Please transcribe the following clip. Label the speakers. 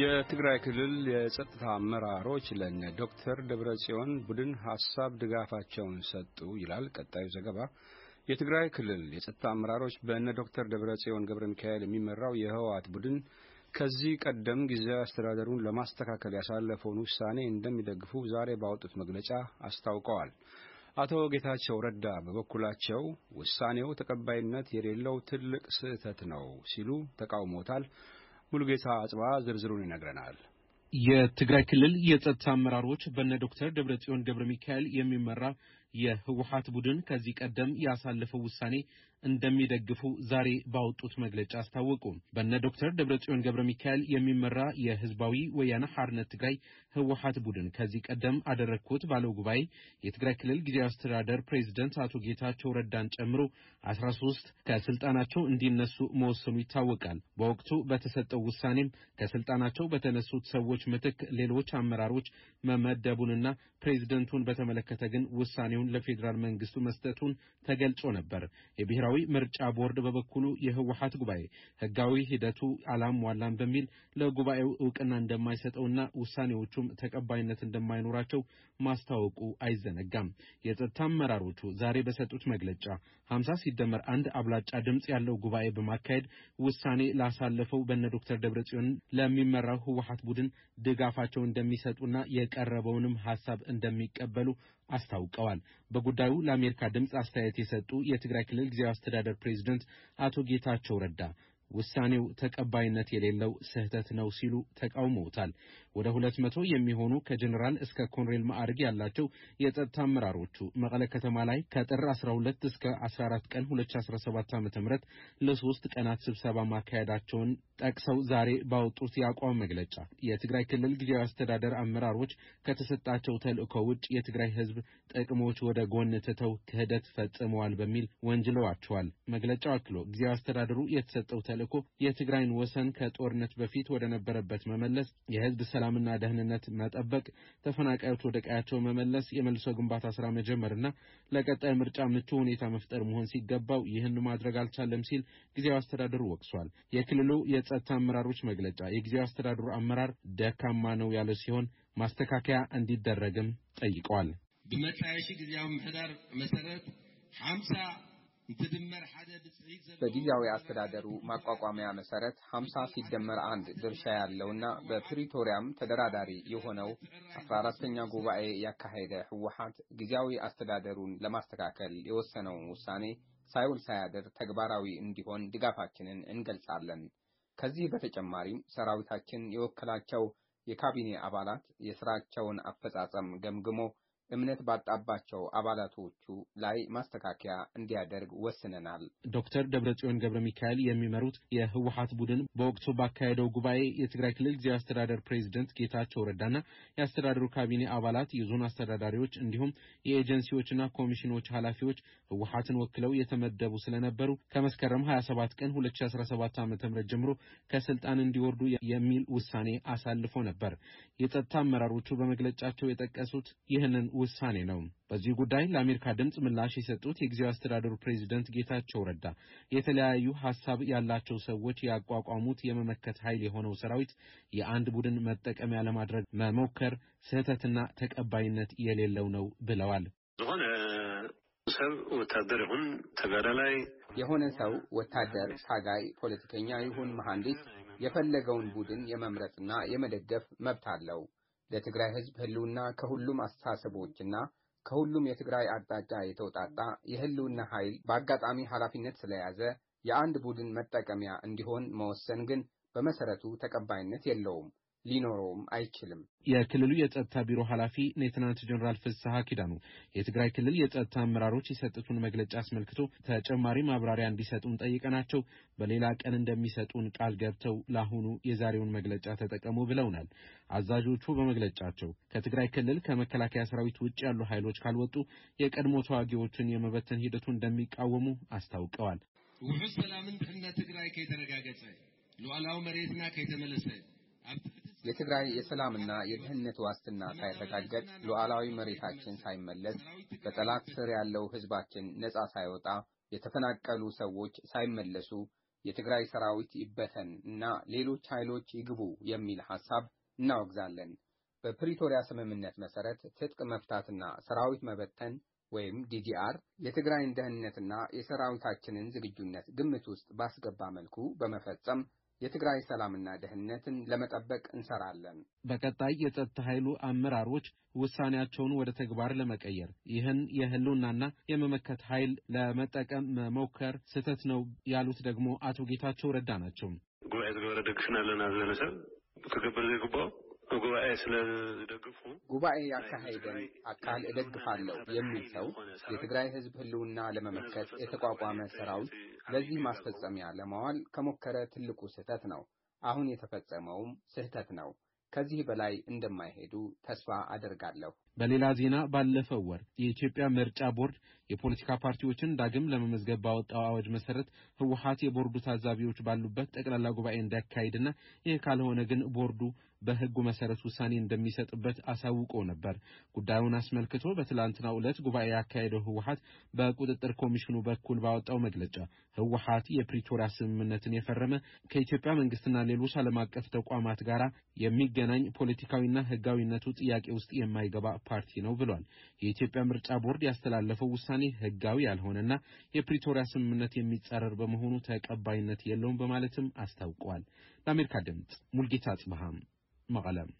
Speaker 1: የትግራይ ክልል የጸጥታ አመራሮች ለነ ዶክተር ደብረ ጽዮን ቡድን ሀሳብ ድጋፋቸውን ሰጡ ይላል ቀጣዩ ዘገባ። የትግራይ ክልል የጸጥታ አመራሮች በእነ ዶክተር ደብረ ገብረ ሚካኤል የሚመራው የህወሓት ቡድን ከዚህ ቀደም ጊዜያዊ አስተዳደሩን ለማስተካከል ያሳለፈውን ውሳኔ እንደሚደግፉ ዛሬ ባወጡት መግለጫ አስታውቀዋል። አቶ ጌታቸው ረዳ በበኩላቸው ውሳኔው ተቀባይነት የሌለው ትልቅ ስህተት ነው ሲሉ ተቃውሞታል። ሙሉጌታ አጽባ ዝርዝሩን
Speaker 2: ይነግረናል። የትግራይ ክልል የጸጥታ አመራሮች በነ ዶክተር ደብረጽዮን ገብረ ሚካኤል የሚመራ የህወሀት ቡድን ከዚህ ቀደም ያሳለፈው ውሳኔ እንደሚደግፉ ዛሬ ባወጡት መግለጫ አስታወቁ። በነ ዶክተር ደብረጽዮን ገብረ ሚካኤል የሚመራ የህዝባዊ ወያነ ሐርነት ትግራይ ህወሀት ቡድን ከዚህ ቀደም አደረግኩት ባለው ጉባኤ የትግራይ ክልል ጊዜያዊ አስተዳደር ፕሬዚደንት አቶ ጌታቸው ረዳን ጨምሮ አስራ ሶስት ከስልጣናቸው እንዲነሱ መወሰኑ ይታወቃል። በወቅቱ በተሰጠው ውሳኔም ከስልጣናቸው በተነሱት ሰዎች ምትክ ሌሎች አመራሮች መመደቡንና ፕሬዚደንቱን በተመለከተ ግን ውሳኔውን ለፌዴራል መንግስቱ መስጠቱን ተገልጾ ነበር። የብሔራዊ ብሔራዊ ምርጫ ቦርድ በበኩሉ የህወሀት ጉባኤ ህጋዊ ሂደቱ አላሟላም በሚል ለጉባኤው እውቅና እንደማይሰጠውና ውሳኔዎቹም ተቀባይነት እንደማይኖራቸው ማስታወቁ አይዘነጋም። የጸጥታ አመራሮቹ ዛሬ በሰጡት መግለጫ ሀምሳ ሲደመር አንድ አብላጫ ድምፅ ያለው ጉባኤ በማካሄድ ውሳኔ ላሳለፈው በነ ዶክተር ደብረጽዮን ለሚመራው ህወሀት ቡድን ድጋፋቸው እንደሚሰጡና የቀረበውንም ሀሳብ እንደሚቀበሉ አስታውቀዋል። በጉዳዩ ለአሜሪካ ድምፅ አስተያየት የሰጡ የትግራይ ክልል ጊዜያዊ አስተዳደር ፕሬዚደንት አቶ ጌታቸው ረዳ ውሳኔው ተቀባይነት የሌለው ስህተት ነው ሲሉ ተቃውመውታል። ወደ ሁለት መቶ የሚሆኑ ከጀኔራል እስከ ኮንሬል ማዕረግ ያላቸው የጸጥታ አመራሮቹ መቀለ ከተማ ላይ ከጥር 12 እስከ 14 ቀን 2017 ዓም ለሶስት ቀናት ስብሰባ ማካሄዳቸውን ጠቅሰው ዛሬ ባወጡት የአቋም መግለጫ የትግራይ ክልል ጊዜያዊ አስተዳደር አመራሮች ከተሰጣቸው ተልእኮ ውጭ የትግራይ ሕዝብ ጥቅሞች ወደ ጎን ትተው ክህደት ፈጽመዋል በሚል ወንጅለዋቸዋል። መግለጫው አክሎ ጊዜያዊ አስተዳደሩ የተሰጠው ተልእኮ የትግራይን ወሰን ከጦርነት በፊት ወደ ነበረበት መመለስ፣ የሕዝብ ሰላም ሰላምና ደህንነት መጠበቅ፣ ተፈናቃዮች ወደ ቀያቸው መመለስ፣ የመልሶ ግንባታ ስራ መጀመርና ለቀጣይ ምርጫ ምቹ ሁኔታ መፍጠር መሆን ሲገባው ይህን ማድረግ አልቻለም ሲል ጊዜያዊ አስተዳደሩ ወቅሷል። የክልሉ የጸጥታ አመራሮች መግለጫ የጊዜያዊ አስተዳደሩ አመራር ደካማ ነው ያለ ሲሆን ማስተካከያ እንዲደረግም ጠይቀዋል። ብመታየሺ ጊዜያዊ ምህዳር መሰረት ሐምሳ
Speaker 1: በጊዜያዊ አስተዳደሩ ማቋቋሚያ መሰረት 50 ሲደመር አንድ ድርሻ ያለውና በፕሪቶሪያም ተደራዳሪ የሆነው 14ኛ ጉባኤ ያካሄደ ህወሓት ጊዜያዊ አስተዳደሩን ለማስተካከል የወሰነውን ውሳኔ ሳይውል ሳያድር ተግባራዊ እንዲሆን ድጋፋችንን እንገልጻለን። ከዚህ በተጨማሪም ሰራዊታችን የወከላቸው የካቢኔ አባላት የስራቸውን አፈጻጸም ገምግሞ እምነት ባጣባቸው አባላቶቹ ላይ ማስተካከያ እንዲያደርግ ወስነናል።
Speaker 2: ዶክተር ደብረጽዮን ገብረ ሚካኤል የሚመሩት የህወሀት ቡድን በወቅቱ ባካሄደው ጉባኤ የትግራይ ክልል ጊዜያዊ አስተዳደር ፕሬዚደንት ጌታቸው ረዳና የአስተዳደሩ ካቢኔ አባላት፣ የዞን አስተዳዳሪዎች እንዲሁም የኤጀንሲዎችና ኮሚሽኖች ኃላፊዎች ህወሀትን ወክለው የተመደቡ ስለነበሩ ከመስከረም 27 ቀን 2017 ዓ ም ጀምሮ ከስልጣን እንዲወርዱ የሚል ውሳኔ አሳልፎ ነበር። የጸጥታ አመራሮቹ በመግለጫቸው የጠቀሱት ይህንን ውሳኔ ነው። በዚህ ጉዳይ ለአሜሪካ ድምፅ ምላሽ የሰጡት የጊዜው አስተዳደሩ ፕሬዚደንት ጌታቸው ረዳ የተለያዩ ሀሳብ ያላቸው ሰዎች ያቋቋሙት የመመከት ኃይል የሆነው ሰራዊት የአንድ ቡድን መጠቀሚያ ለማድረግ መሞከር ስህተትና ተቀባይነት የሌለው ነው ብለዋል። ዝኾነ ሰብ ወታደር ይሁን ተጋዳላይ
Speaker 1: የሆነ ሰው ወታደር፣ ታጋይ፣ ፖለቲከኛ ይሁን መሐንዲስ የፈለገውን ቡድን የመምረጥና የመደገፍ መብት አለው። ለትግራይ ህዝብ ህልውና ከሁሉም አስተሳሰቦችና ከሁሉም የትግራይ አቅጣጫ የተውጣጣ የህልውና ኃይል በአጋጣሚ ኃላፊነት ስለያዘ የአንድ ቡድን መጠቀሚያ እንዲሆን መወሰን ግን በመሰረቱ ተቀባይነት የለውም። ሊኖረውም አይችልም።
Speaker 2: የክልሉ የጸጥታ ቢሮ ኃላፊ ሌተናንት ጀኔራል ፍስሐ ኪዳኑ የትግራይ ክልል የጸጥታ አመራሮች የሰጡትን መግለጫ አስመልክቶ ተጨማሪ ማብራሪያ እንዲሰጡን ጠይቀናቸው በሌላ ቀን እንደሚሰጡን ቃል ገብተው ለአሁኑ የዛሬውን መግለጫ ተጠቀሙ ብለውናል። አዛዦቹ በመግለጫቸው ከትግራይ ክልል ከመከላከያ ሰራዊት ውጭ ያሉ ኃይሎች ካልወጡ የቀድሞ ተዋጊዎችን የመበተን ሂደቱ እንደሚቃወሙ አስታውቀዋል። ውሉስ ሰላምን ከነ ትግራይ ከይተረጋገጸ ሉዓላዊ መሬትና ከይተመለሰ
Speaker 1: የትግራይ የሰላምና የደህንነት ዋስትና ሳይረጋገጥ ሉዓላዊ መሬታችን ሳይመለስ በጠላት ስር ያለው ህዝባችን ነፃ ሳይወጣ የተፈናቀሉ ሰዎች ሳይመለሱ የትግራይ ሰራዊት ይበተን እና ሌሎች ኃይሎች ይግቡ የሚል ሐሳብ እናወግዛለን። በፕሪቶሪያ ስምምነት መሰረት ትጥቅ መፍታትና ሰራዊት መበተን ወይም ዲዲአር የትግራይን ደህንነትና የሰራዊታችንን ዝግጁነት ግምት ውስጥ ባስገባ መልኩ በመፈጸም የትግራይ ሰላምና ደህንነትን ለመጠበቅ
Speaker 2: እንሰራለን። በቀጣይ የጸጥታ ኃይሉ አመራሮች ውሳኔያቸውን ወደ ተግባር ለመቀየር ይህን የህልውናና የመመከት ኃይል ለመጠቀም መሞከር ስህተት ነው ያሉት ደግሞ አቶ ጌታቸው ረዳ ናቸው። ጉባኤ ዝገበረ ደግፍና አለና ዝለለ ሰብ ክገብር ዘይግባኦ
Speaker 1: ጉባኤ ስለደግፉ ጉባኤ ያካሄደን አካል እደግፋለሁ የሚል ሰው የትግራይ ህዝብ ህልውና ለመመከት የተቋቋመ ሰራዊት ለዚህ ማስፈጸሚያ ለማዋል ከሞከረ ትልቁ ስህተት ነው። አሁን የተፈጸመውም ስህተት ነው። ከዚህ በላይ እንደማይሄዱ ተስፋ አደርጋለሁ።
Speaker 2: በሌላ ዜና ባለፈው ወር የኢትዮጵያ ምርጫ ቦርድ የፖለቲካ ፓርቲዎችን ዳግም ለመመዝገብ ባወጣው አዋጅ መሰረት ህወሀት የቦርዱ ታዛቢዎች ባሉበት ጠቅላላ ጉባኤ እንዳያካሂድና ይህ ካልሆነ ግን ቦርዱ በሕጉ መሰረት ውሳኔ እንደሚሰጥበት አሳውቆ ነበር። ጉዳዩን አስመልክቶ በትላንትናው ዕለት ጉባኤ ያካሄደው ህወሀት በቁጥጥር ኮሚሽኑ በኩል ባወጣው መግለጫ ህወሀት የፕሪቶሪያ ስምምነትን የፈረመ ከኢትዮጵያ መንግስትና ሌሎች ዓለም አቀፍ ተቋማት ጋር የሚገናኝ ፖለቲካዊና ህጋዊነቱ ጥያቄ ውስጥ የማይገባ ፓርቲ ነው ብሏል። የኢትዮጵያ ምርጫ ቦርድ ያስተላለፈው ውሳኔ ህጋዊ ያልሆነና የፕሪቶሪያ ስምምነት የሚጻረር በመሆኑ ተቀባይነት የለውም በማለትም አስታውቀዋል። ለአሜሪካ ድምፅ ሙልጌታ አጽብሃም مغلم